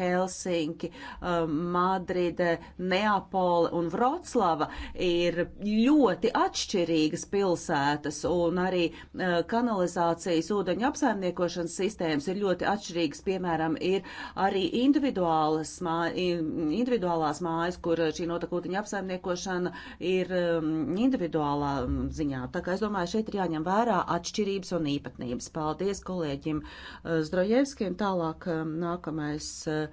Helsinki, um, Madride, Neapole un Vroclava ir ļoti atšķirīgas pilsētas, un arī uh, kanalizācijas ūdeņu apsaimniekošanas sistēmas ir ļoti atšķirīgas. Piemēram, ir arī individuālas, mā, individuālās mājas, kur šī notekūtiņa apsaimniekošana ir um, individuālā ziņā. Tā kā es domāju, šeit ir jāņem vērā atšķirības un īpatnības. Paldies kolēģim uh, Zdrojevskim. Tālāk um, nākamais uh,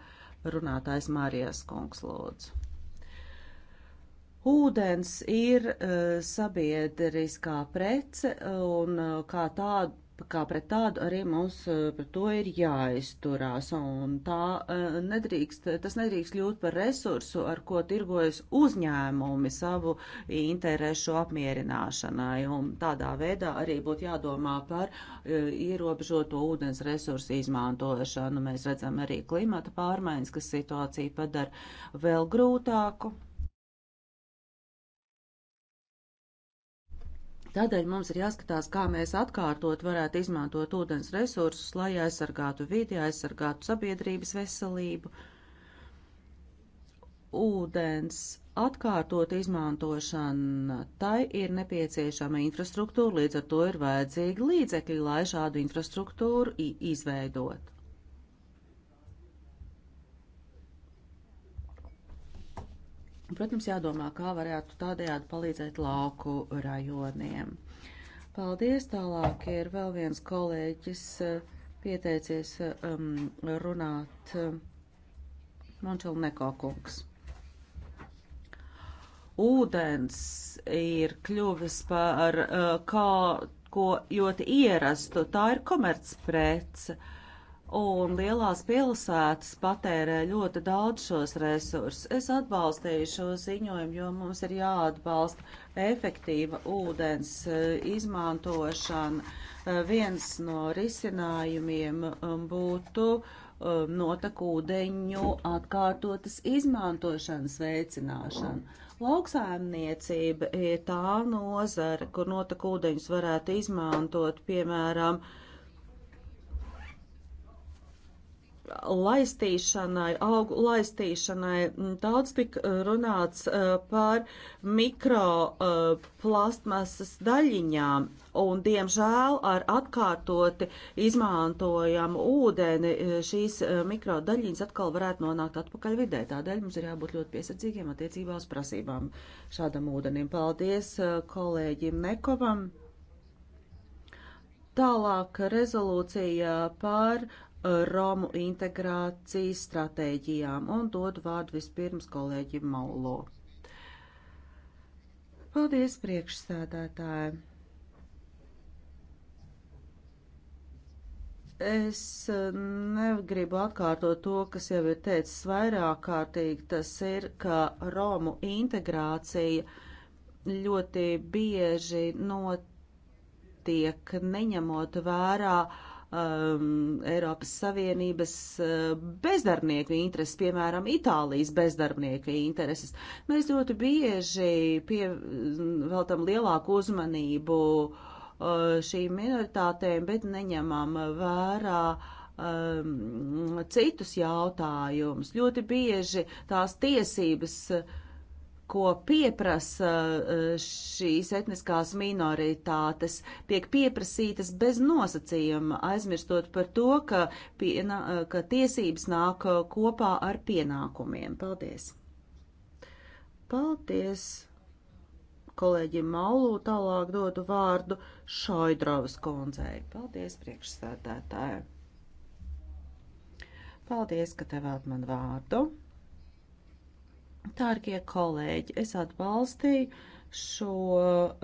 runātājs Mārijas Kungs lūdzu. Ūdens ir uh, sabiedriskā prece un uh, kā tāda kā pret tādu arī mums eh, pret to ir jāizturās, un tā eh, nedrīkst, tas nedrīkst kļūt par resursu, ar ko tirgojas uzņēmumi savu interesu apmierināšanai, un tādā veidā arī būtu jādomā par eh, ierobežoto ūdens resursu izmantošanu. Mēs redzam arī klimata pārmaiņas, kas situāciju padara vēl grūtāku. Tādēļ mums ir jāskatās, kā mēs atkārtot varētu izmantot ūdens resursus, lai aizsargātu vidi, aizsargātu sabiedrības veselību. Ūdens atkārtot izmantošana, tai ir nepieciešama infrastruktūra, līdz ar to ir vajadzīgi līdzekļi, lai šādu infrastruktūru izveidot. Protams, jādomā, kā varētu tādējādi palīdzēt lauku rajoniem. Paldies! Tālāk ir vēl viens kolēģis eh, pieteicies eh, um, runāt um, eh, Mončelneko kungs ūdens ir kļuvis par uh, kā ko ļoti ierastu. Tā ir komercprece un lielās pilsētas patērē ļoti daudz šos resursus. Es atbalstīju šo ziņojumu, jo mums ir jāatbalsta efektīva ūdens eh, izmantošana. Eh, viens no risinājumiem um, būtu um, notekūdeņu atkārtotas izmantošanas veicināšana. Lauksēmniecība ir tā nozara, kur notekūdeņus varētu izmantot, piemēram, uh, laistīšanai, augu laistīšanai. Mm, Daudz tika eh, runāts eh, par mikroplastmasas eh, daļiņām, un diemžēl ar atkārtoti izmantojamu ūdeni šīs mikrodaļiņas atkal varētu nonākt atpakaļ vidē. Tādēļ mums ir jābūt ļoti piesardzīgiem attiecībā uz prasībām šādam ūdenim. Paldies kolēģim Nekovam! Tālāk rezolūcija par uh, Romu integrācijas stratēģijām un dod vārdu vispirms kolēģim Maulo. Paldies priekšsēdētājiem! Es eh, negribu atkārtot to, kas jau ir teicis vairāk kārtīgi, tas ir, ka Romu integrācija ļoti bieži notiek neņemot vērā uh, um, Eiropas Savienības uh, bezdarnieku intereses, piemēram, Itālijas bezdarnieku intereses. Mēs ļoti bieži pieveltam lielāku uzmanību uh, šīm minoritātēm, bet neņemam vērā uh, um, citus jautājumus. Ļoti bieži tās tiesības uh, ko pieprasa eh, šīs etniskās minoritātes, tiek pieprasītas bez nosacījuma, aizmirstot par to, ka, piena, eh, ka tiesības nāk eh, kopā ar pienākumiem. Paldies! Paldies! Kolēģim Maulū tālāk dodu vārdu Šaidravas kundzei. Paldies, priekšsēdētāji! Paldies, ka devāt man vārdu! Tārkie kolēģi, es atbalstīju šo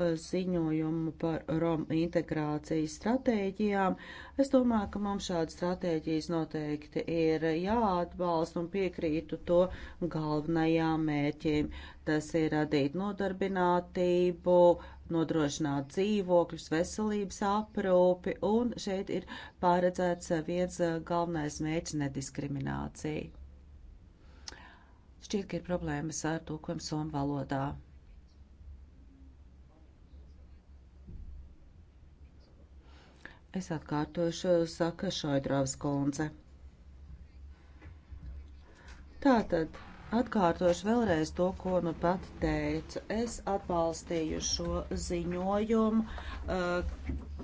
eh, ziņojumu par Romu integrācijas stratēģijām. Es domāju, ka mums šādas stratēģijas noteikti ir jāatbalsta un piekrītu to galvenajām mērķiem. Tas ir radīt nodarbinātību, nodrošināt dzīvokļus, veselības aprūpi, un šeit ir paredzēts viens eh, galvenais mērķis - nediskriminācija. Šķiet, ka ir problēmas ar tūkojumu somu valodā. Es atkārtošu, saka Šaidrāvas kundze. Tātad Atkārtošu vēlreiz to, ko nu pat teicu. Es atbalstīju šo ziņojumu, eh,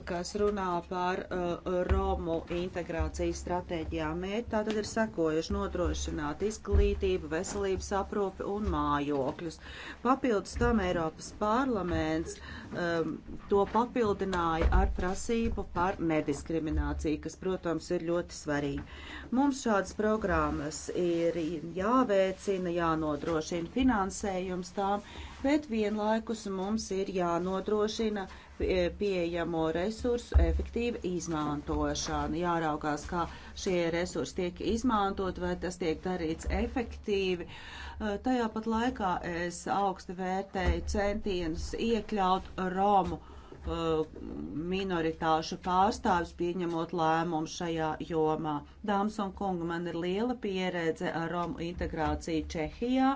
kas runā par eh, Romu integrācijas stratēģijām. Mērķi tātad ir sekojuši nodrošināt izglītību, veselības aprūpi un mājokļus. Papildus tam Eiropas parlaments eh, to papildināja ar prasību par nediskrimināciju, kas, protams, ir ļoti svarīgi. Mums šādas programmas ir jāveicina jāstiprina, jānodrošina finansējums tām, bet vienlaikus mums ir jānodrošina e, pieejamo resursu efektīva izmantošana, jāraugās, kā šie resursi tiek izmantot, vai tas tiek darīts efektīvi. E, tajā pat laikā es augsti vērtēju centienus iekļaut Romu Uh, minoritāšu pārstāvis pieņemot lēmumu šajā jomā. Dāmas un kungi, man ir liela pieredze ar Romu integrāciju Čehijā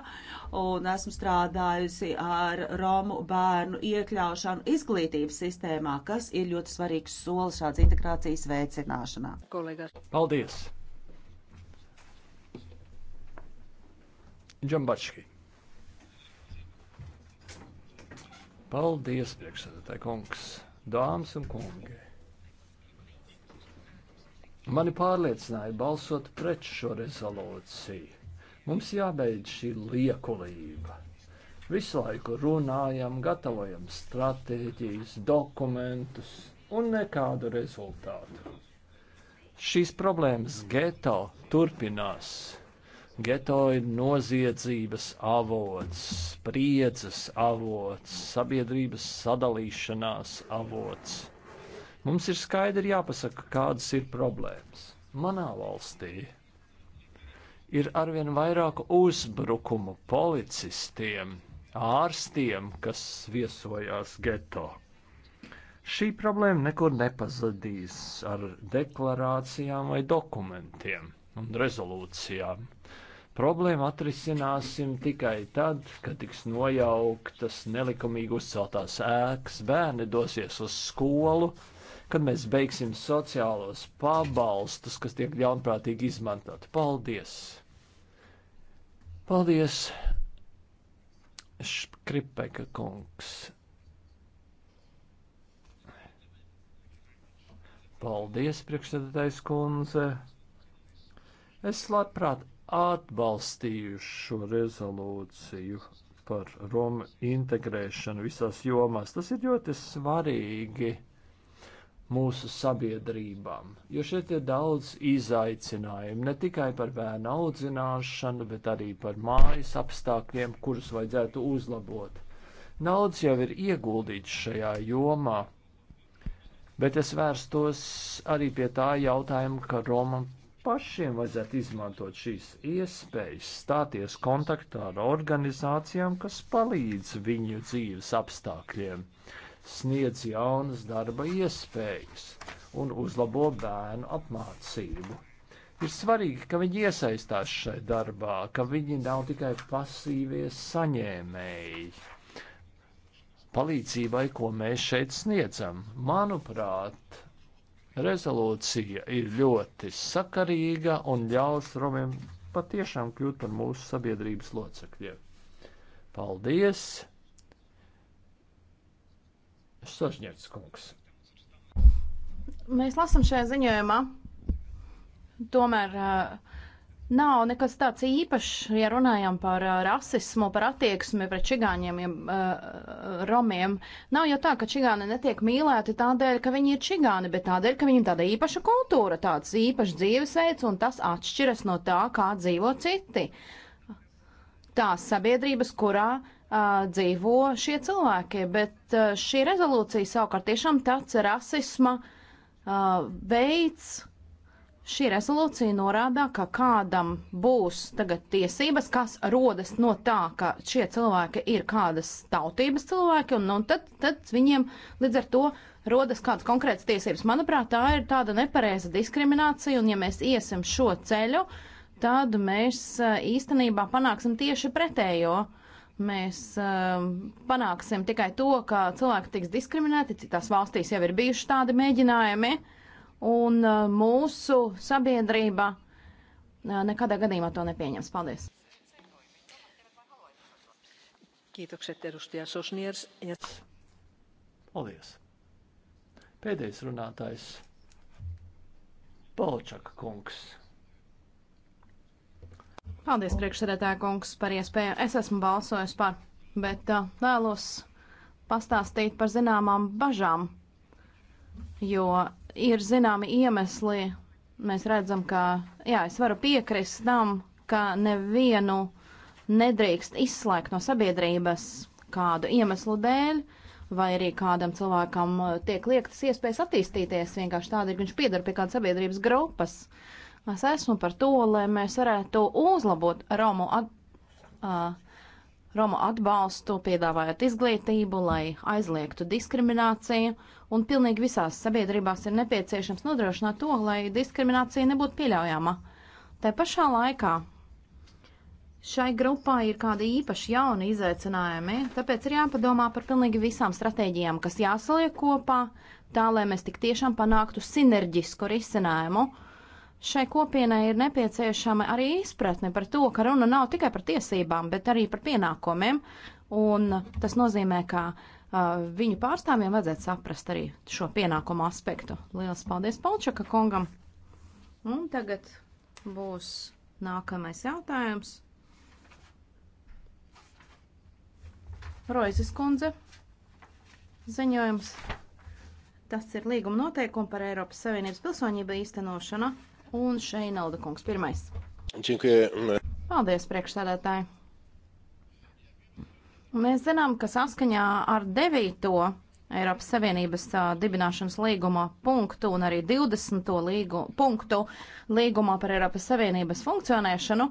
un esmu strādājusi ar Romu bērnu iekļaušanu izglītības sistēmā, kas ir ļoti svarīgs solis šāds integrācijas veicināšanā. Kolēgas. Paldies! Džambački. Paldies, priekšsēdētāji kungs, dāmas un kungi. Mani pārliecināja balsot pret šo rezolūciju. Mums jābeidz šī liekulība. Visu laiku runājam, gatavojam stratēģijas, dokumentus un nekādu rezultātu. Šīs problēmas geto turpinās Geto ir noziedzības avots, spriedzes avots, sabiedrības sadalīšanās avots. Mums ir skaidri jāpasaka, kādas ir problēmas. Manā valstī ir arvien vairāk uzbrukumu policistiem, ārstiem, kas viesojās geto. Šī problēma nekur nepazudīs ar deklarācijām vai dokumentiem un rezolūcijām. Problēmu atrisināsim tikai tad, kad tiks nojauktas nelikumīgi uzceltās ēkas, bērni dosies uz skolu, kad mēs beigsim sociālos pabalstus, kas tiek ļaunprātīgi izmantot. Paldies! Paldies, Škripeka kungs! Paldies, priekšsēdētājs kundze! Es labprāt atbalstījuši šo rezolūciju par Romu integrēšanu visās jomās. Tas ir ļoti svarīgi mūsu sabiedrībām, jo šeit ir daudz izaicinājumu ne tikai par bērnu audzināšanu, bet arī par mājas apstākļiem, kurus vajadzētu uzlabot. Daudz jau ir ieguldīts šajā jomā, bet es vērstos arī pie tā jautājuma, ka Roma pašiem vajadzētu izmantot šīs iespējas, stāties kontaktā ar organizācijām, kas palīdz viņu dzīves apstākļiem, sniedz jaunas darba iespējas un uzlabo bērnu apmācību. Ir svarīgi, ka viņi iesaistās šai darbā, ka viņi nav tikai pasīvie saņēmēji. Palīdzībai, ko mēs šeit sniedzam, manuprāt, Rezolūcija ir ļoti sakarīga un ļaus romiem patiešām kļūt par mūsu sabiedrības locekļiem. Paldies! Sožņets kungs. Mēs lasam šajā ziņojumā. Tomēr uh, Nav nekas tāds īpašs, ja runājam par rasismu, par attieksmi pret čigāņiem, uh, romiem. Nav jau tā, ka čigāni netiek mīlēti tādēļ, ka viņi ir čigāni, bet tādēļ, ka viņiem tāda īpaša kultūra, tāds īpašs dzīvesveids, un tas atšķiras no tā, kā dzīvo citi. Tās sabiedrības, kurā uh, dzīvo šie cilvēki, bet uh, šī rezolūcija savukārt tiešām tāds rasisma uh, veids, uh, Šī rezolūcija norāda, ka kādam būs tagad tiesības, kas rodas no tā, ka šie cilvēki ir kādas tautības cilvēki, un, un tad, tad viņiem līdz ar to rodas kādas konkrētas tiesības. Manuprāt, tā ir tāda nepareiza diskriminācija, un ja mēs iesim šo ceļu, tad mēs e, īstenībā panāksim tieši pretējo. Mēs um, panāksim tikai to, ka cilvēki tiks diskriminēti, citās valstīs jau ir bijuši tādi mēģinājumi. Uh, un uh, mūsu sabiedrība uh, nekādā gadījumā to nepieņems. Paldies! Kiitokset edustaja Sosniers. Paldies. Pēdējais runātājs Polčaka kungs. Paldies, priekšsēdētāja kungs, par iespēju. Es esmu balsojis par, bet uh, vēlos pastāstīt par zināmām bažām, jo ir zināmi iemesli. Mēs redzam, ka, jā, es varu piekrist tam, ka nevienu nedrīkst izslēgt no sabiedrības kādu iemeslu dēļ, vai arī kādam cilvēkam uh, tiek liektas iespējas attīstīties vienkārši tādēļ, ka viņš piedara pie kādas sabiedrības grupas. Es esmu par to, lai mēs varētu uzlabot Romu at, uh, Roma atbalstu, piedāvājot izglītību, lai aizliegtu diskrimināciju, un pilnīgi visās sabiedrībās ir nepieciešams nodrošināt to, lai diskriminācija nebūtu pieļaujama. Tā pašā laikā šai grupā ir kādi īpaši jauni izaicinājumi, tāpēc ir jāpadomā par pilnīgi visām stratēģijām, kas jāsaliek kopā, tā lai mēs tik tiešām panāktu sinerģisku risinājumu Šai kopienai ir nepieciešama arī izpratne par to, ka runa nav tikai par tiesībām, bet arī par pienākumiem, un tas nozīmē, ka uh, viņu pārstāvjiem vajadzētu saprast arī šo pienākumu aspektu. Lielas paldies Palčaka kungam! Un tagad būs nākamais jautājums. Roizes kundze ziņojums. Tas ir līguma noteikumi par Eiropas Savienības pilsonību īstenošanu. Un šeit Nalda kungs pirmais. Činkie. Paldies, priekšsēdētāji. Mēs zinām, ka saskaņā ar 9. Eiropas Savienības uh, dibināšanas līguma punktu un arī 20. Līgu, punktu līgumā par Eiropas Savienības funkcionēšanu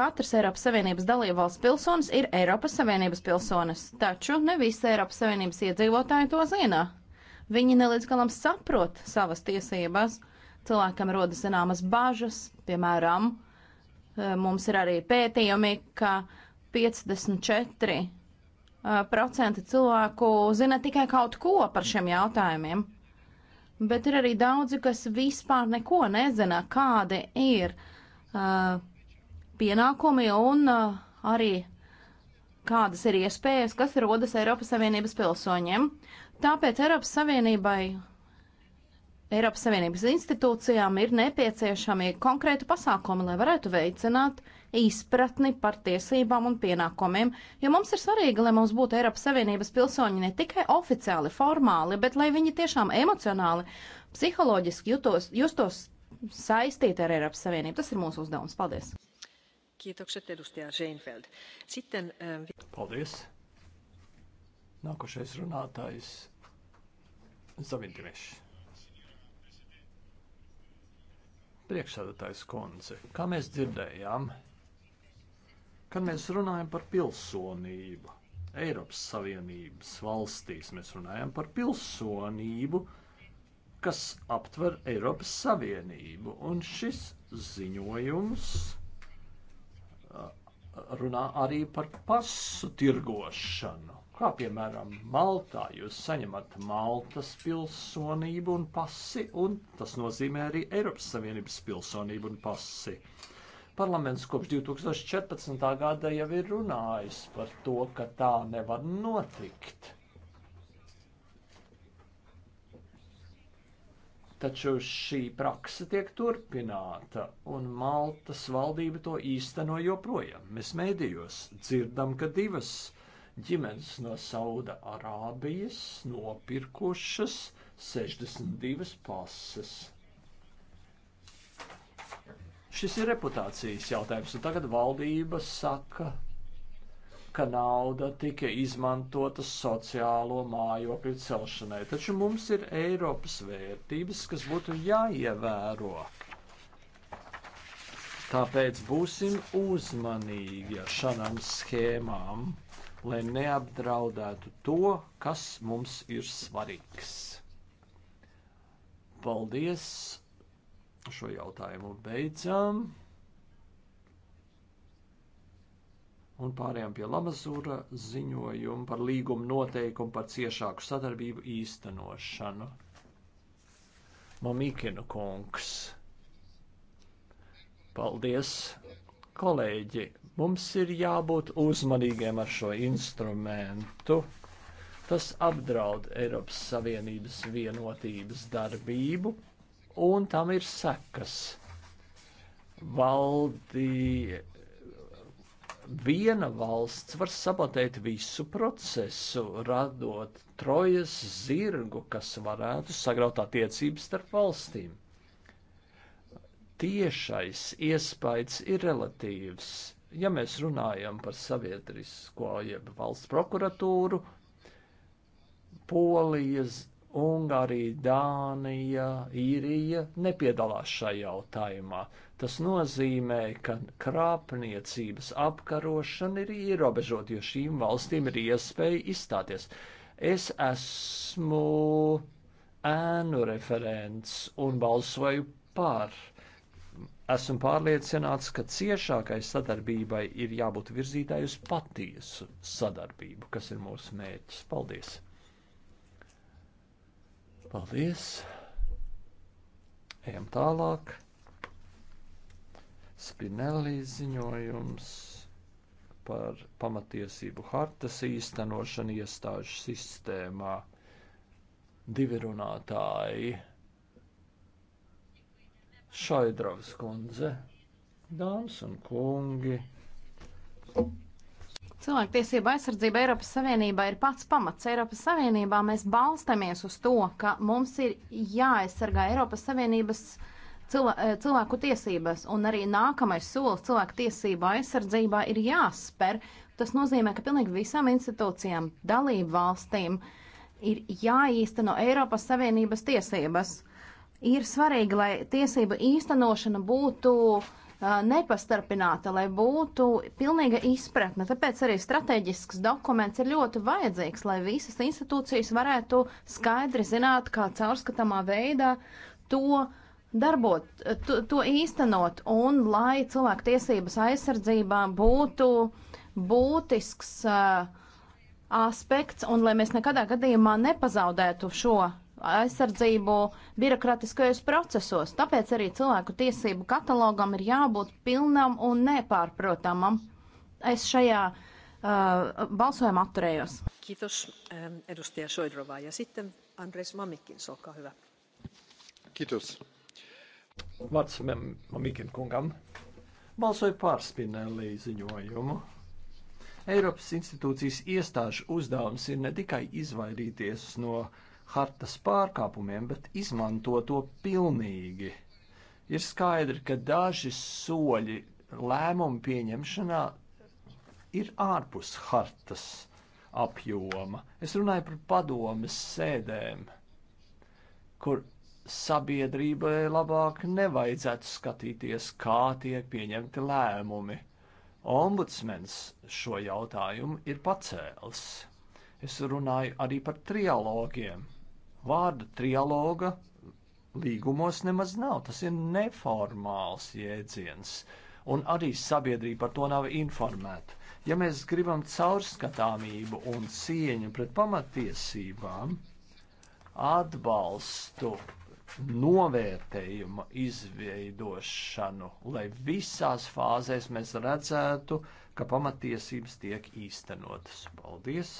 katrs Eiropas Savienības dalībvalsts pilsonis ir Eiropas Savienības pilsonis, taču ne visi Eiropas Savienības iedzīvotāji to zina. Viņi nelīdz galam saprot savas tiesības, cilvēkam rodas zināmas bažas, piemēram, e, mums ir arī pētījumi, ka 54% e, cilvēku zina tikai kaut ko par šiem jautājumiem. Bet ir arī daudzi, kas vispār neko nezina, kādi ir uh, pienākumi un uh, arī kādas ir iespējas, kas rodas Eiropas Savienības pilsoņiem. Tāpēc Eiropas Savienībai Eiropas Savienības institūcijām ir nepieciešami konkrēti pasākumi, lai varētu veicināt izpratni par tiesībām un pienākumiem, jo mums ir svarīgi, lai mums būtu Eiropas Savienības pilsoņi ne tikai oficiāli, formāli, bet lai viņi tiešām emocionāli, psiholoģiski jutos, justos saistīti ar Eiropas Savienību. Tas ir mūsu uzdevums. Paldies! Kiitokset edustaja Seinfeld. Sitten, um... Paldies! Nākošais runātājs Zavintimešs. Priekšsēdētājs kundze, kā mēs dzirdējām, kad mēs runājam par pilsonību, Eiropas Savienības valstīs mēs runājam par pilsonību, kas aptver Eiropas Savienību, un šis ziņojums uh, runā arī par pasu tirgošanu kā piemēram Maltā, jūs saņemat Maltas pilsonību un pasi, un tas nozīmē arī Eiropas Savienības pilsonību un pasi. Parlaments kopš 2014. gada jau ir runājis par to, ka tā nevar notikt. Taču šī praksa tiek turpināta, un Maltas valdība to īsteno joprojām. Mēs mēdījos dzirdam, ka divas uh, ģimenes no Sauda Arābijas nopirkušas 62 pases. Šis ir reputācijas jautājums, un tagad valdība saka, ka nauda tika izmantota sociālo mājokļu celšanai. Taču mums ir Eiropas vērtības, kas būtu jāievēro. Tāpēc būsim uzmanīgi ar šādām schēmām lai neapdraudētu to, kas mums ir svarīgs. Paldies! Šo jautājumu beidzām. Un pārējām pie Lamazūra ziņojuma par līgumu noteikumu par ciešāku sadarbību īstenošanu. Mamikina kungs. Paldies, kolēģi! Mums ir jābūt uzmanīgiem ar šo instrumentu. Tas apdraud Eiropas Savienības vienotības darbību, un tam ir sekas. Valdīja viena valsts var sabotēt visu procesu, radot trojas zirgu, kas varētu sagraut attiecības starp valstīm. Tiešais iespējas ir relatīvs ja mēs runājam par sabiedrisko, jeb valsts prokuratūru, Polijas, Ungārija, Dānija, Īrija nepiedalās šajā jautājumā. Tas nozīmē, ka krāpniecības apkarošana ir ierobežota, jo šīm valstīm ir iespēja izstāties. Es esmu ēnu referents un balsoju par uh, Esmu pārliecināts, ka ciešākai sadarbībai ir jābūt virzītāji uz patiesu sadarbību, kas ir mūsu mērķis. Paldies! Paldies! Ejam tālāk. Spinelli ziņojums par pamatiesību hartas īstenošanu iestāžu sistēmā. Divi runātāji Šaidravas kundze, dāmas un kungi. Cilvēktiesība aizsardzība Eiropas Savienībā ir pats pamats. Eiropas Savienībā mēs balstamies uz to, ka mums ir jāaizsargā Eiropas Savienības cilvē, eh, cilvēku tiesības, un arī nākamais solis cilvēku tiesību aizsardzībā ir jāsper. Tas nozīmē, ka pilnīgi visām institūcijām, dalību valstīm ir jāīsteno Eiropas Savienības tiesības ir svarīgi, lai tiesība īstenošana būtu uh, nepastarpināta, lai būtu pilnīga izpratne. Tāpēc arī strateģisks dokuments ir ļoti vajadzīgs, lai visas institūcijas varētu skaidri zināt, kā caurskatāmā veidā to darbot, to, to īstenot, un lai cilvēku tiesības aizsardzībā būtu būtisks uh, aspekts, un lai mēs nekadā gadījumā nepazaudētu šo aizsardzību birokratiskajos procesos. Tāpēc arī cilvēku tiesību katalogam ir jābūt pilnam un nepārprotamam. Es šajā uh, balsojumā atturējos. Kiitos, ähm, edustaja Soidrovā. Ja sitten Andres Mamikins, olkaa hyvä. Kiitos. Vārds Mamikin kungam. Balsoju pārspinēlī ziņojumu. Eiropas institūcijas iestāžu uzdevums ir ne tikai izvairīties no uh, hartas pārkāpumiem, bet izmanto to pilnīgi. Ir skaidri, ka daži soļi lēmumu pieņemšanā ir ārpus hartas apjoma. Es runāju par padomes sēdēm, kur sabiedrībai labāk nevajadzētu skatīties, kā tiek pieņemti lēmumi. Ombudsmens šo jautājumu ir pacēls. Es runāju arī par trialogiem. Vārda trialoga līgumos nemaz nav. Tas ir neformāls jēdziens, un arī sabiedrība par to nav informēta. Ja mēs gribam caurskatāmību un cieņu pret pamatiesībām, atbalstu novērtējuma izveidošanu, lai visās fāzēs mēs redzētu, ka pamatiesības tiek īstenotas. Paldies!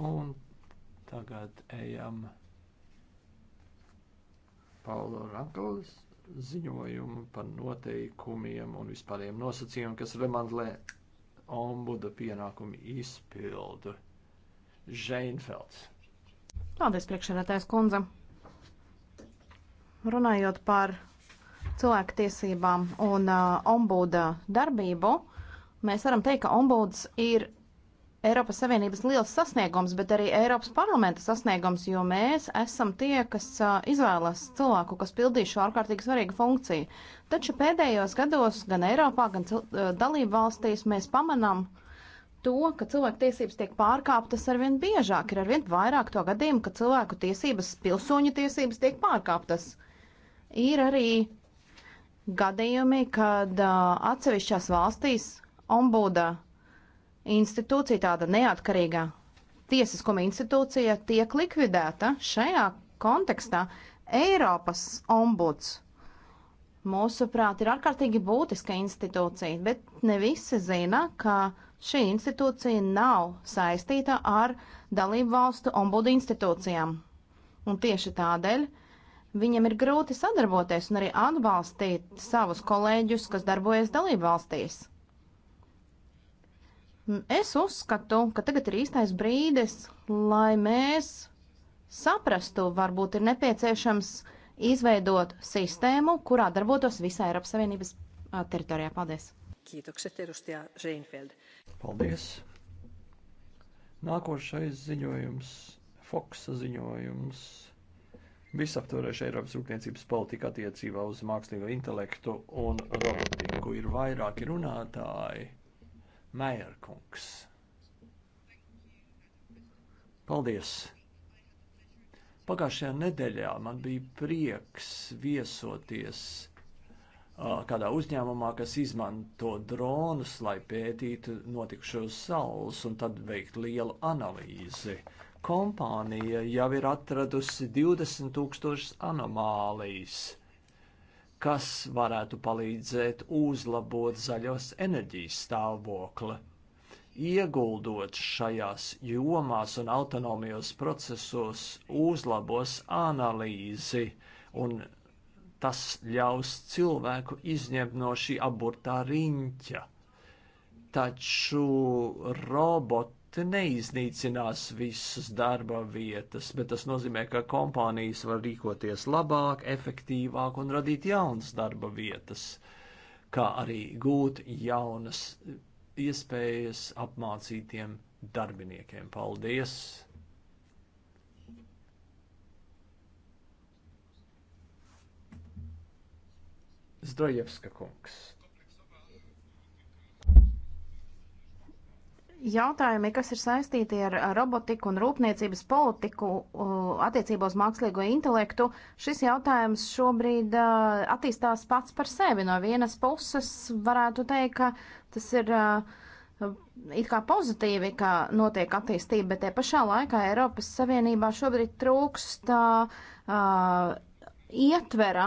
Un tagad ejam Paulo Rankolis ziņojumu par noteikumiem un vispāriem nosacījumiem, kas remandlē ombuda pienākumu izpildu. Žeinfelds. Paldies, priekšsēdētājs kundze. Runājot par cilvēku tiesībām un uh, ombuda darbību, mēs varam teikt, ka ombuds ir Eiropas Savienības liels sasniegums, bet arī Eiropas parlamenta sasniegums, jo mēs esam tie, kas izvēlas cilvēku, kas pildīs šo ārkārtīgi svarīgu funkciju. Taču pēdējos gados gan Eiropā, gan dalību valstīs mēs pamanām to, ka cilvēku tiesības tiek pārkāptas arvien biežāk, ir arvien vairāk to gadījumu, ka cilvēku tiesības, pilsoņu tiesības tiek pārkāptas. Ir arī gadījumi, kad uh, atsevišķās valstīs ombuda institūcija, tāda neatkarīga tiesiskuma institūcija, tiek likvidēta šajā kontekstā Eiropas ombuds. Mūsuprāt, ir ārkārtīgi būtiska institūcija, bet ne visi zina, ka šī institūcija nav saistīta ar dalību valstu ombudu institūcijām. Un tieši tādēļ viņam ir grūti sadarboties un arī atbalstīt savus kolēģus, kas darbojas dalību valstīs. Es uzskatu, ka tagad ir īstais brīdis, lai mēs saprastu, varbūt ir nepieciešams izveidot sistēmu, kurā darbotos visā Eiropas Savienības teritorijā. Paldies! Kiitokset edustaja Reinfeld. Paldies! Nākošais ziņojums, Foksa ziņojums, visaptvaroša Eiropas rūpniecības politika attiecībā uz mākslīgo intelektu un robotiku ir vairāki runātāji. Meierkungs. Paldies! Pagājušajā nedēļā man bija prieks viesoties uh, kādā uzņēmumā, kas izmanto dronus, lai pētītu notikušos saules un tad veikt lielu analīzi. Kompānija jau ir atradusi 20 tūkstošus anomālijas. Uh, kas varētu palīdzēt uzlabot zaļos enerģijas stāvokli. Ieguldot šajās jomās un autonomijos procesos, uzlabos analīzi, un tas ļaus cilvēku izņemt no šī aburtā riņķa. Taču robot te neiznīcinās visas darba vietas, bet tas nozīmē, ka kompānijas var rīkoties labāk, efektīvāk un radīt jaunas darba vietas, kā arī gūt jaunas iespējas apmācītiem darbiniekiem. Paldies! Zdrojevska kungs. jautājumi, kas ir saistīti ar robotiku un rūpniecības politiku attiecībā uz mākslīgo intelektu, šis jautājums šobrīd attīstās pats par sevi. No vienas puses varētu teikt, ka tas ir it kā pozitīvi, ka notiek attīstība, bet te pašā laikā Eiropas Savienībā šobrīd trūkst ietvera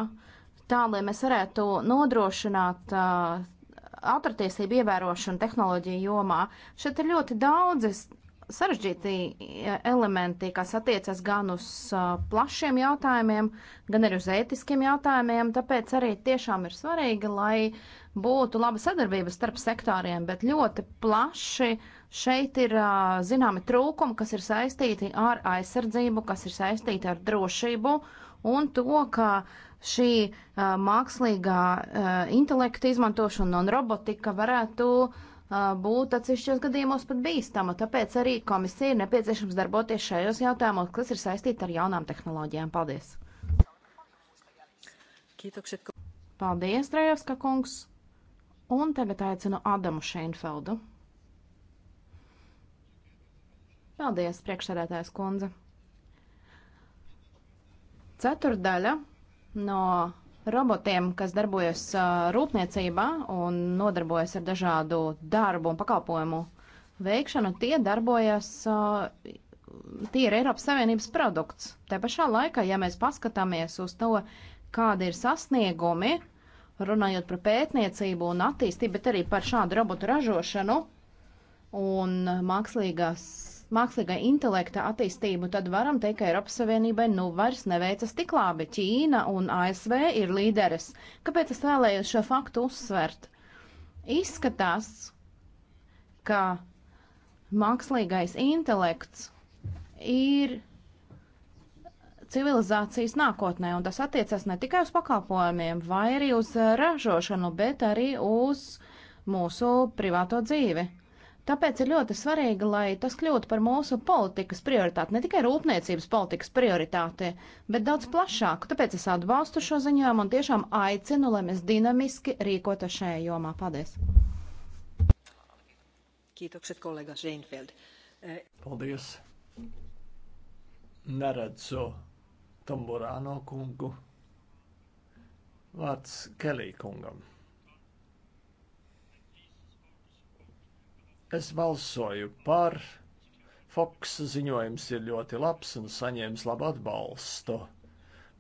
tā, lai mēs varētu nodrošināt uh, autortiesību ievērošanu tehnoloģiju jomā. Šeit ir ļoti daudzas sarežģīti e, elementi, kas attiecas gan uz e, plašiem jautājumiem, gan arī uz ētiskiem jautājumiem. Tāpēc arī tiešām ir svarīgi, lai būtu laba sadarbība starp sektoriem, bet ļoti plaši šeit ir e, zināmi trūkumi, kas ir saistīti ar aizsardzību, kas ir saistīti ar drošību. Uh, un to, kā šī uh, mākslīgā uh, intelekta izmantošana un robotika varētu uh, būt atsevišķos gadījumos pat bīstama. Tāpēc arī komisija ir nepieciešams darboties šajos jautājumos, kas ir saistīti ar jaunām tehnoloģijām. Paldies! Paldies, Drajevska kungs! Un tagad aicinu Adamu Šeinfeldu. Paldies, priekšsēdētājs kundze! Ceturdaļa no robotiem, kas darbojas rūpniecībā un nodarbojas ar dažādu darbu un pakalpojumu veikšanu, tie darbojas, tie ir Eiropas Savienības produkts. Te pašā laikā, ja mēs paskatāmies uz to, kādi ir sasniegumi, runājot par pētniecību un attīstību, bet arī par šādu robotu ražošanu un mākslīgās mākslīgā intelekta attīstību, tad varam teikt, ka Eiropas Savienībai nu vairs neveicas tik labi. Ķīna un ASV ir līderes. Kāpēc es vēlējos šo faktu uzsvert? Izskatās, ka mākslīgais intelekts ir civilizācijas nākotnē, un tas attiecas ne tikai uz pakalpojumiem, vai arī uz eh, ražošanu, bet arī uz mūsu privāto dzīvi. Tāpēc ir ļoti svarīgi, lai tas kļūtu par mūsu politikas prioritāti, ne tikai rūpniecības politikas prioritāti, bet daudz plašāku. Tāpēc es atbalstu šo ziņojumu un tiešām aicinu, lai mēs dinamiski rīkotu šajā jomā. Paldies! Kiitokset kollega Seinfeld. E, Paldies! Neredzu Tamburāno kungu. Vārds Kelī kungam. Es balsoju par. Foks ziņojums ir ļoti labs un saņēmis labu atbalstu.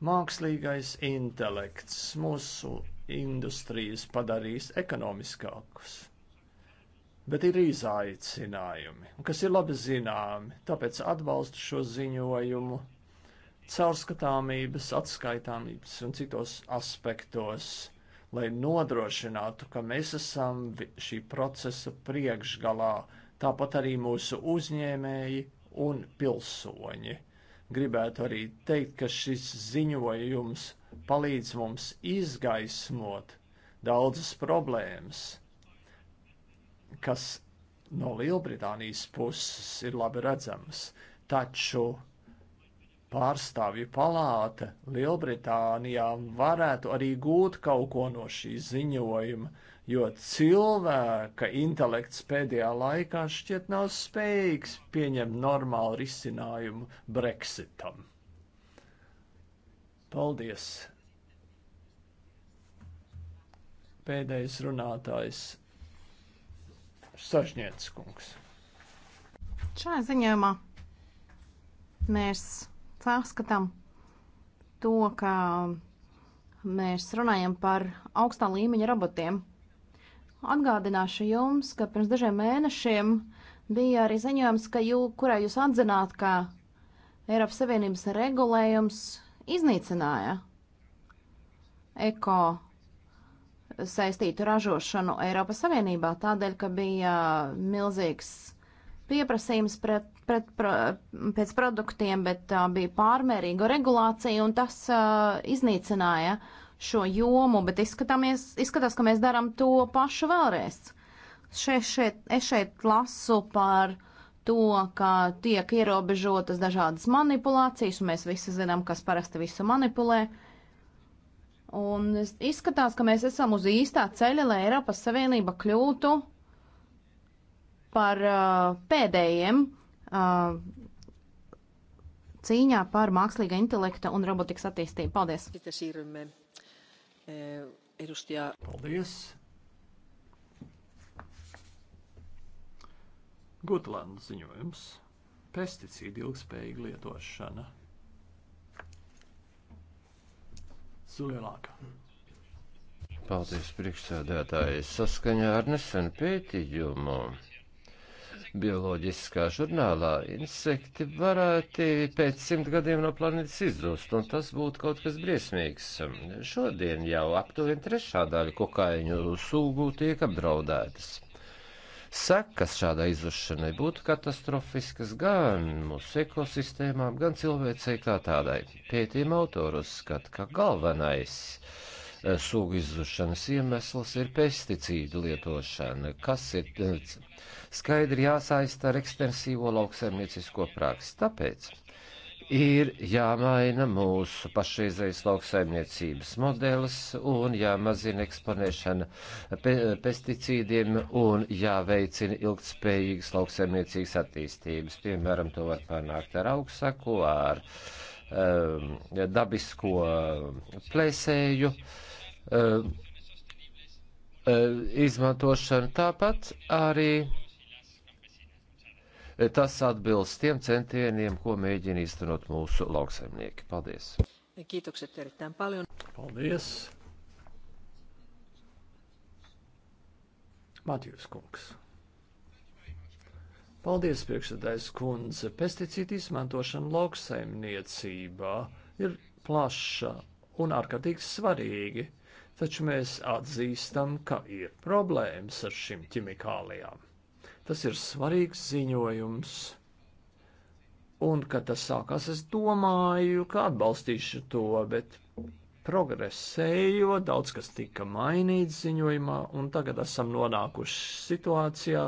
Mākslīgais intelekts mūsu industrijas padarīs ekonomiskākus. Bet ir izaicinājumi, kas ir labi zināmi, tāpēc atbalstu šo ziņojumu caurskatāmības, atskaitāmības un citos aspektos lai nodrošinātu, ka mēs esam šī procesa priekšgalā, tāpat arī mūsu uzņēmēji un pilsoņi. Gribētu arī teikt, ka šis ziņojums palīdz mums izgaismot daudzas problēmas, kas no Lielbritānijas puses ir labi redzamas, taču pārstāvju palāta Lielbritānijā varētu arī gūt kaut ko no šī ziņojuma, jo cilvēka intelekts pēdējā laikā šķiet nav spējīgs pieņemt normālu risinājumu Brexitam. Paldies! Pēdējais runātājs Sažņēts kungs. Šajā ziņojumā mēs pārskatām to, ka mēs runājam par augstā līmeņa robotiem. Atgādināšu jums, ka pirms dažiem mēnešiem bija arī ziņojums, ka jū, kurā jūs atzināt, ka Eiropas Savienības regulējums iznīcināja eko saistītu ražošanu Eiropas Savienībā, tādēļ, ka bija milzīgs pieprasījums pret pret, pra, pēc produktiem, bet uh, bija pārmērīga regulācija un tas uh, iznīcināja šo jomu, bet izskatās, ka mēs darām to pašu vēlreiz. Šeit, šeit, es šeit lasu par to, ka tiek ierobežotas dažādas manipulācijas, un mēs visi zinām, kas parasti visu manipulē. Un izskatās, ka mēs esam uz īstā ceļa, lai Eiropas Savienība kļūtu par uh, pēdējiem uh, uh, cīņā par mākslīga intelekta un robotikas attīstību. Paldies! Paldies! Gutlands ziņojums - pesticīdu ilgspējīga lietošana. Zulielāka. Paldies, priekšsēdētāji, saskaņā ar nesenu pētījumu bioloģiskā žurnālā, insekti varētu pēc simt gadiem no planētas izzust, un tas būtu kaut kas briesmīgs. Šodien jau aptuveni trešā daļa kokaiņu sūgu tiek apdraudētas. Sekas šādai izzušanai būtu katastrofiskas gan mūsu ekosistēmām, gan cilvēcei kā tādai. Pētījuma autors skat, ka galvenais ir Eh, sugu izzušanas iemesls ir pesticīdu lietošana, kas ir eh, skaidri jāsaista ar ekstensīvo lauksaimniecisko praksi. Tāpēc ir jāmaina mūsu pašreizējais lauksaimniecības modelis un jāmazina eksponēšana eh, pe pesticīdiem un jāveicina ilgtspējīgas lauksaimniecības attīstības. Piemēram, to var panākt ar augstsaku, ar um, dabisko plēsēju. Uh, uh, eh, eh, izmantošanu. Tāpat arī eh, tas atbilst tiem centieniem, ko mēģina īstenot mūsu lauksaimnieki. Paldies! Kiitokset erittäin paljon. Paldies! Matjūs kungs. Paldies, priekšsēdājs kundze. Pesticīdu izmantošana lauksaimniecībā ir plaša un ārkārtīgi svarīga taču mēs atzīstam, ka ir problēmas ar šīm ķimikālijām. Tas ir svarīgs ziņojums. Un, kad tas sākās, es domāju, ka atbalstīšu to, bet progresējo, daudz kas tika mainīts ziņojumā, un tagad esam nonākuši situācijā,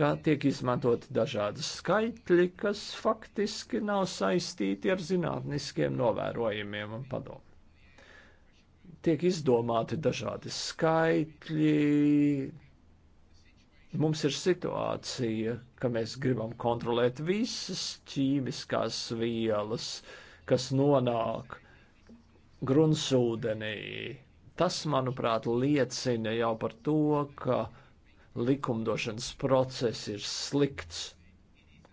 ka tiek izmantoti dažādi skaitļi, kas faktiski nav saistīti ar zinātniskiem novērojumiem un padomu tiek izdomāti dažādi skaitļi. Mums ir situācija, ka mēs gribam kontrolēt visas ķīmiskās vielas, kas nonāk grunsūdenī. Tas, manuprāt, liecina jau par to, ka likumdošanas process ir slikts,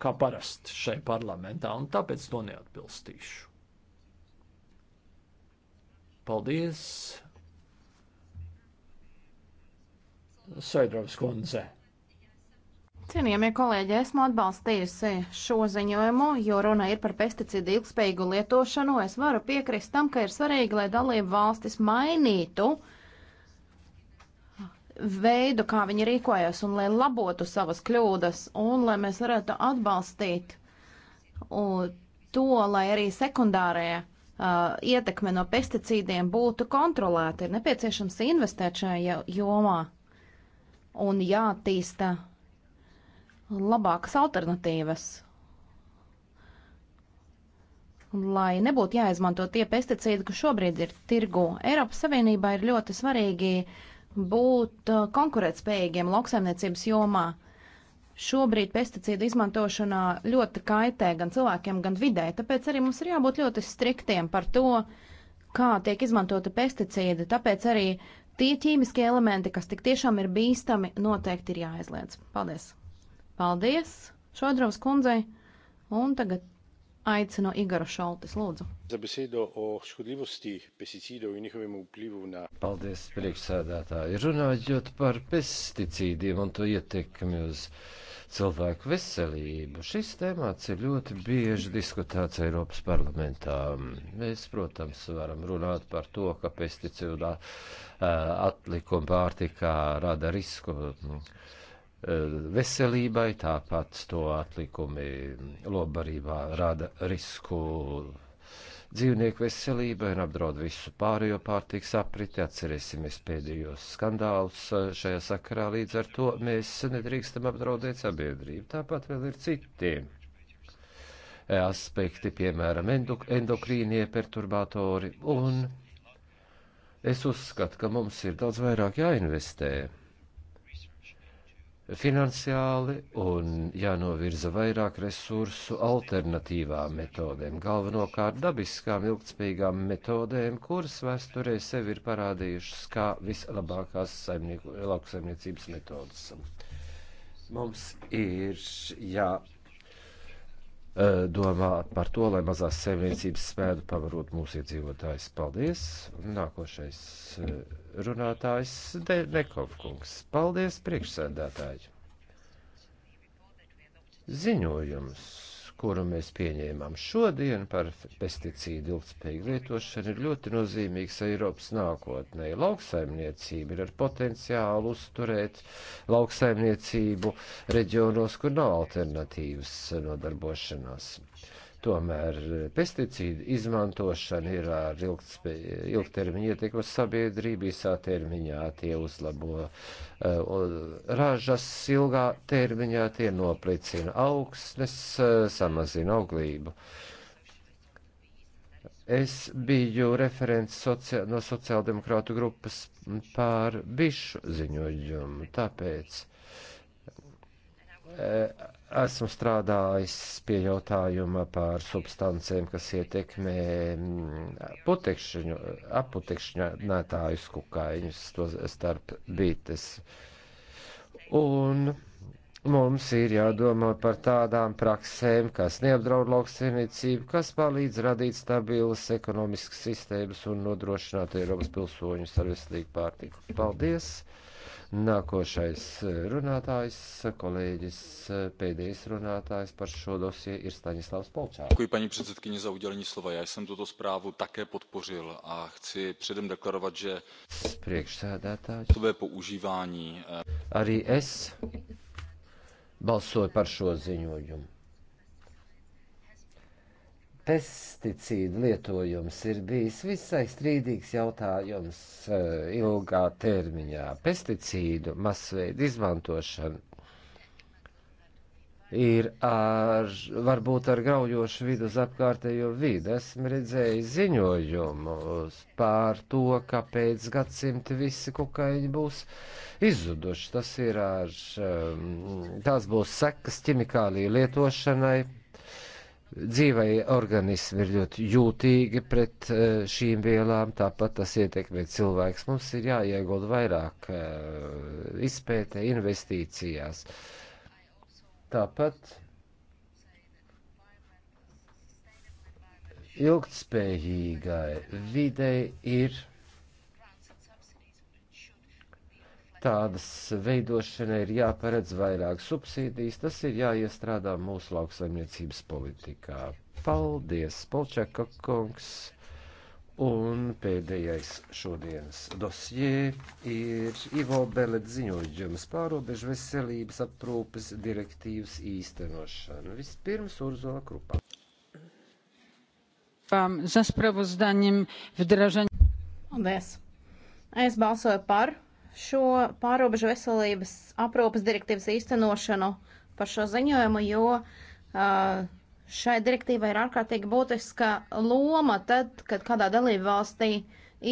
kā parasti šai parlamentā, un tāpēc to neatbilstīšu. Paldies! Saidrovs kundze. Cienījamie kolēģi, esmu atbalstījusi šo ziņojumu, jo runa ir par pesticīdu ilgspējīgu lietošanu. Es varu piekrist tam, ka ir svarīgi, lai dalību valstis mainītu veidu, kā viņi rīkojas, un lai labotu savas kļūdas, un lai mēs varētu atbalstīt to, lai arī sekundārajā uh, ietekme no pesticīdiem būtu kontrolēta. Ir nepieciešams investēt šajā jomā un jātīsta labākas alternatīvas, lai nebūtu jāizmanto tie pesticīdi, kas šobrīd ir tirgu. Eiropas Savienībā ir ļoti svarīgi būt konkurētspējīgiem lauksaimniecības jomā. Uh, Šobrīd pesticīdu izmantošanā ļoti kaitē gan cilvēkiem, gan vidē, tāpēc arī mums ir jābūt ļoti striktiem par to, kā tiek izmantota pesticīda, tāpēc arī tie ķīmiskie elementi, kas tik tiešām ir bīstami, noteikti ir jāaizliedz. Paldies! Paldies Šodrovs kundzei! Un tagad Aicinu Igoru Šoltis, lūdzu. Za besedo o škodljivosti pesticidov in njihovem vplivu na. Paldies, priekšsēdētāji. Runājot par pesticīdiem un to ietekmi uz cilvēku veselību, šis temats ir ļoti bieži diskutēts Eiropas parlamentā. Mēs, protams, varam runāt par to, ka pesticīdu eh, atlikuma pārtikā rada risku. Nu, veselībai, tāpat to atlikumi lobarībā rada risku dzīvnieku veselībai un apdraud visu pārējo pārtiks apriti. Atcerēsimies pēdējos skandālus eh, šajā sakarā, līdz ar to mēs nedrīkstam apdraudēt sabiedrību. Tāpat vēl ir citi eh, aspekti, piemēram, endokrīnie perturbatori, un es uzskatu, ka mums ir daudz vairāk jāinvestē finansiāli un jānovirza vairāk resursu alternatīvām metodēm, galvenokārt dabiskām ilgtspējīgām metodēm, kuras vēsturē sevi ir parādījušas kā vislabākās lauksaimniecības metodas. Mums ir jā. Ja domāt par to, lai mazās saimniecības spētu pavarot mūsu iedzīvotājus. Paldies! Nākošais runātājs De Nekovkungs. Paldies, priekšsēdētāji! Ziņojums! kuru mēs pieņēmām šodien par pesticīdu ilgspējīgu lietošanu, ir ļoti nozīmīgs Eiropas nākotnē. Lauksaimniecība ir ar potenciālu uzturēt lauksaimniecību reģionos, kur nav alternatīvas nodarbošanās. Tomēr eh, pesticīdu izmantošana ir ar ilgtspē, ilgtermiņa ietekmu sabiedrību, īsā termiņā tie uzlabo uh, ražas, ilgā termiņā tie noplicina augsnes, uh, samazina auglību. Es biju referents sociā, no sociāldemokrātu grupas pār bišu ziņojumu, tāpēc. Uh, Esmu strādājis pie jautājuma par substancēm, kas ietekmē mm, aputekšņētājus kukaiņus, to starp bītes. Un Mums ir jādomā par tādām praksēm, kas neapdraud lauksaimniecību, kas palīdz radīt stabilas ekonomiskas sistēmas un nodrošināt Eiropas pilsoņus ar veselīgu pārtiku. Paldies! Nākošais eh, runātājs, kolēģis, eh, pēdējais runātājs par šo dosie ir Staņislavs Polčārs. Děkuji paní předsedkyni za udělení slova. Já jsem tuto zprávu také podpořil a chci předem deklarovat, že priekšsēdētāji. Tobě používání. Eh, Arī es balsoja par šo ziņojumu. Pesticīdu lietojums ir bijis visai strīdīgs jautājums eh, ilgā termiņā. Pesticīdu masveida izmantošana ir ar, varbūt ar graujošu vidu uz apkārtējo vidu. Esmu redzējis ziņojumus pār to, ka pēc gadsimta visi kukaiņi būs izzuduši. Tas ir ar, um, tās būs sekas ķimikāliju lietošanai. Dzīvai organismi ir ļoti jūtīgi pret uh, šīm vielām, tāpat tas ietekmē cilvēks. Mums ir jāiegulda vairāk uh, izpētē investīcijās. Uh, Tāpat ilgtspējīgai videi ir tādas veidošanai ir jāparedz vairāk subsīdijas, tas ir jāiestrādā mūsu lauksaimniecības politikā. Paldies, Polčaka kungs! Un pēdējais šodienas dosjē ir Ivo Belet ziņojums pārobežu veselības aprūpes direktīvas īstenošana. Vispirms Urzola Krupā. Za sprawoozdaniem wdrażania. Paldies. Es balsoju par šo pārobežu veselības aprūpes direktīvas īstenošanu par šo ziņojumu, jo uh, Šai direktīvai ir ārkārtīgi būtiska loma tad, kad kādā dalību valstī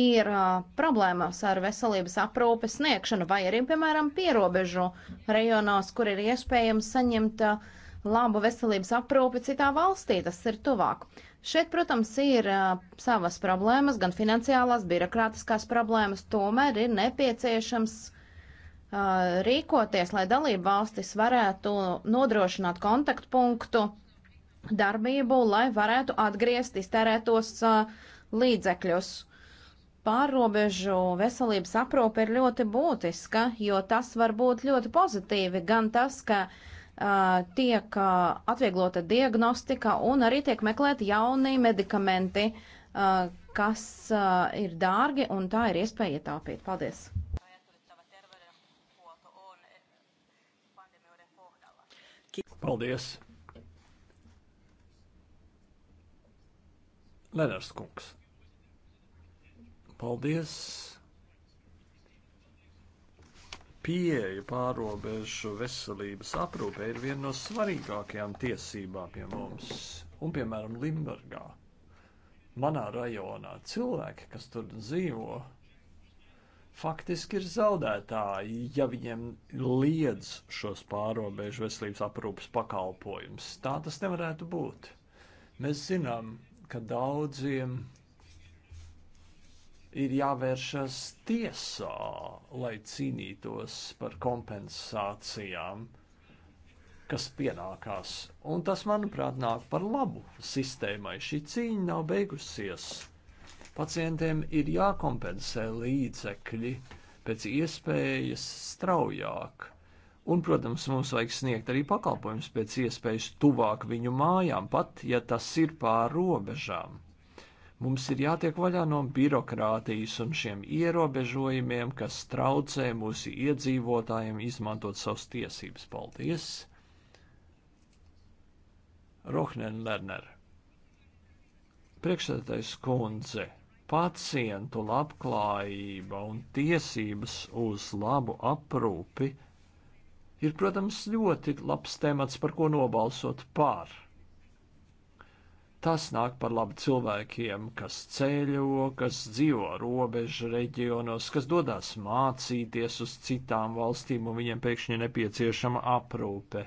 ir uh, problēmas ar veselības aprūpes sniegšanu vai arī, piemēram, pierobežu rejonos, kur ir iespējams saņemt uh, labu veselības aprūpi citā valstī, tas ir tuvāk. Šeit, protams, ir uh, savas problēmas, gan finansiālās, birokrātiskās problēmas, tomēr ir nepieciešams uh, rīkoties, lai dalību valstis varētu nodrošināt kontaktpunktu darbību, lai varētu atgriezt iztērētos uh, līdzekļus. Pārrobežu veselības aprūpe ir ļoti būtiska, jo tas var būt ļoti pozitīvi, gan tas, ka uh, tiek uh, atvieglota diagnostika un arī tiek meklēt jauni medikamenti, uh, kas uh, ir dārgi un tā ir iespēja ietaupīt. Paldies! Paldies! Lenārs Kungs. Paldies! Pieeja pārobežu veselības aprūpe ir viena no svarīgākajām tiesībām pie mums, un piemēram Limbergā manā rajonā cilvēki, kas tur dzīvo, faktiski ir zaudētāji, ja viņiem liedz šos pārobežu veselības aprūpas pakalpojumus. Tā tas nevarētu būt. Mēs zinām, ka daudziem ir jāvēršas tiesā, lai cīnītos par kompensācijām, kas pienākās. Un tas, manuprāt, nāk par labu sistēmai. Šī cīņa nav beigusies. Pacientiem ir jākompensē līdzekļi pēc iespējas straujāk Un, protams, mums vajag sniegt arī pakalpojumus pēc iespējas tuvāk viņu mājām, pat ja tas ir pār robežām. Mums ir jātiek vaļā no birokrātijas un šiem ierobežojumiem, kas traucē mūsu iedzīvotājiem izmantot savas tiesības. Paldies! Rohnen Lerner Priekšsēdētais kundze pacientu labklājība un tiesības uz labu aprūpi ir, protams, ļoti labs temats, par ko nobalsot pār. Tas nāk par labu cilvēkiem, kas ceļo, kas dzīvo robežu reģionos, kas dodas mācīties uz citām valstīm un viņiem pēkšņi nepieciešama aprūpe.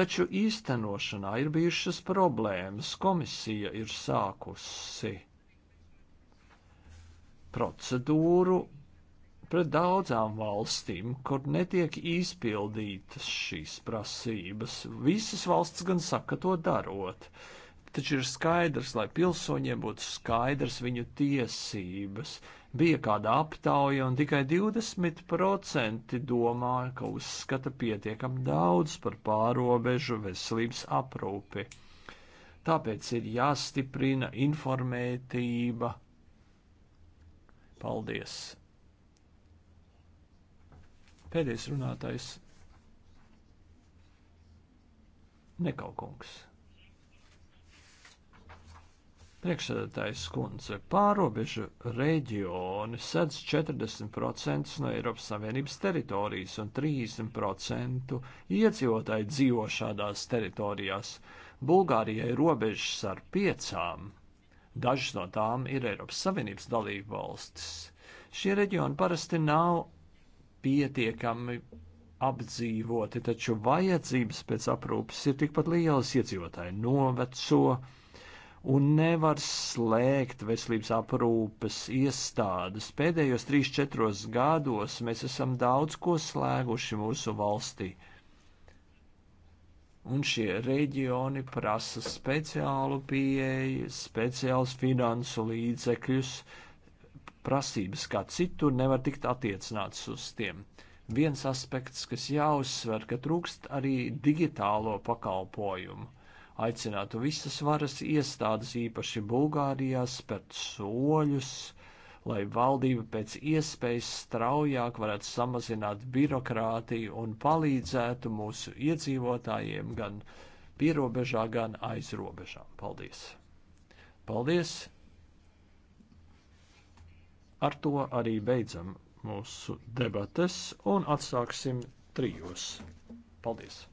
Taču īstenošanā ir bijušas problēmas, komisija ir sākusi procedūru pret daudzām valstīm, kur netiek izpildītas šīs prasības. Visas valsts gan saka to darot, taču ir skaidrs, lai pilsoņiem būtu skaidrs viņu tiesības. Bija kāda aptauja, un tikai 20% domā, ka uzskata pietiekam daudz par pārobežu veselības aprūpi. Tāpēc ir jāstiprina informētība. Paldies! Pēdējais runātājs Nekaukungs. Priekšsēdētājs skundze pārobežu reģioni sedz 40% no Eiropas Savienības teritorijas un 30% iedzīvotāji dzīvo šādās teritorijās. Bulgārijai robežas ar piecām. Dažas no tām ir Eiropas Savienības dalība valstis. Šie reģioni parasti nav pietiekami apdzīvoti, taču vajadzības pēc aprūpes ir tikpat lielas, iedzīvotāji noveco un nevar slēgt veselības aprūpes iestādes. Pēdējos 3-4 gados mēs esam daudz ko slēguši mūsu valstī. Un šie reģioni prasa speciālu pieeju, speciālus finansu līdzekļus, uh, prasības kā citur nevar tikt attiecināts uz tiem. Viens aspekts, kas jāuzsver, ka trūkst arī digitālo pakalpojumu. Aicinātu visas varas iestādes, īpaši Bulgārijā, spērt soļus, lai valdība pēc iespējas straujāk varētu samazināt birokrātiju un palīdzētu mūsu iedzīvotājiem gan pierobežā, gan aiz robežām. Paldies! Paldies! Ar to arī beidzam mūsu debates un atsāksim trijos. Paldies!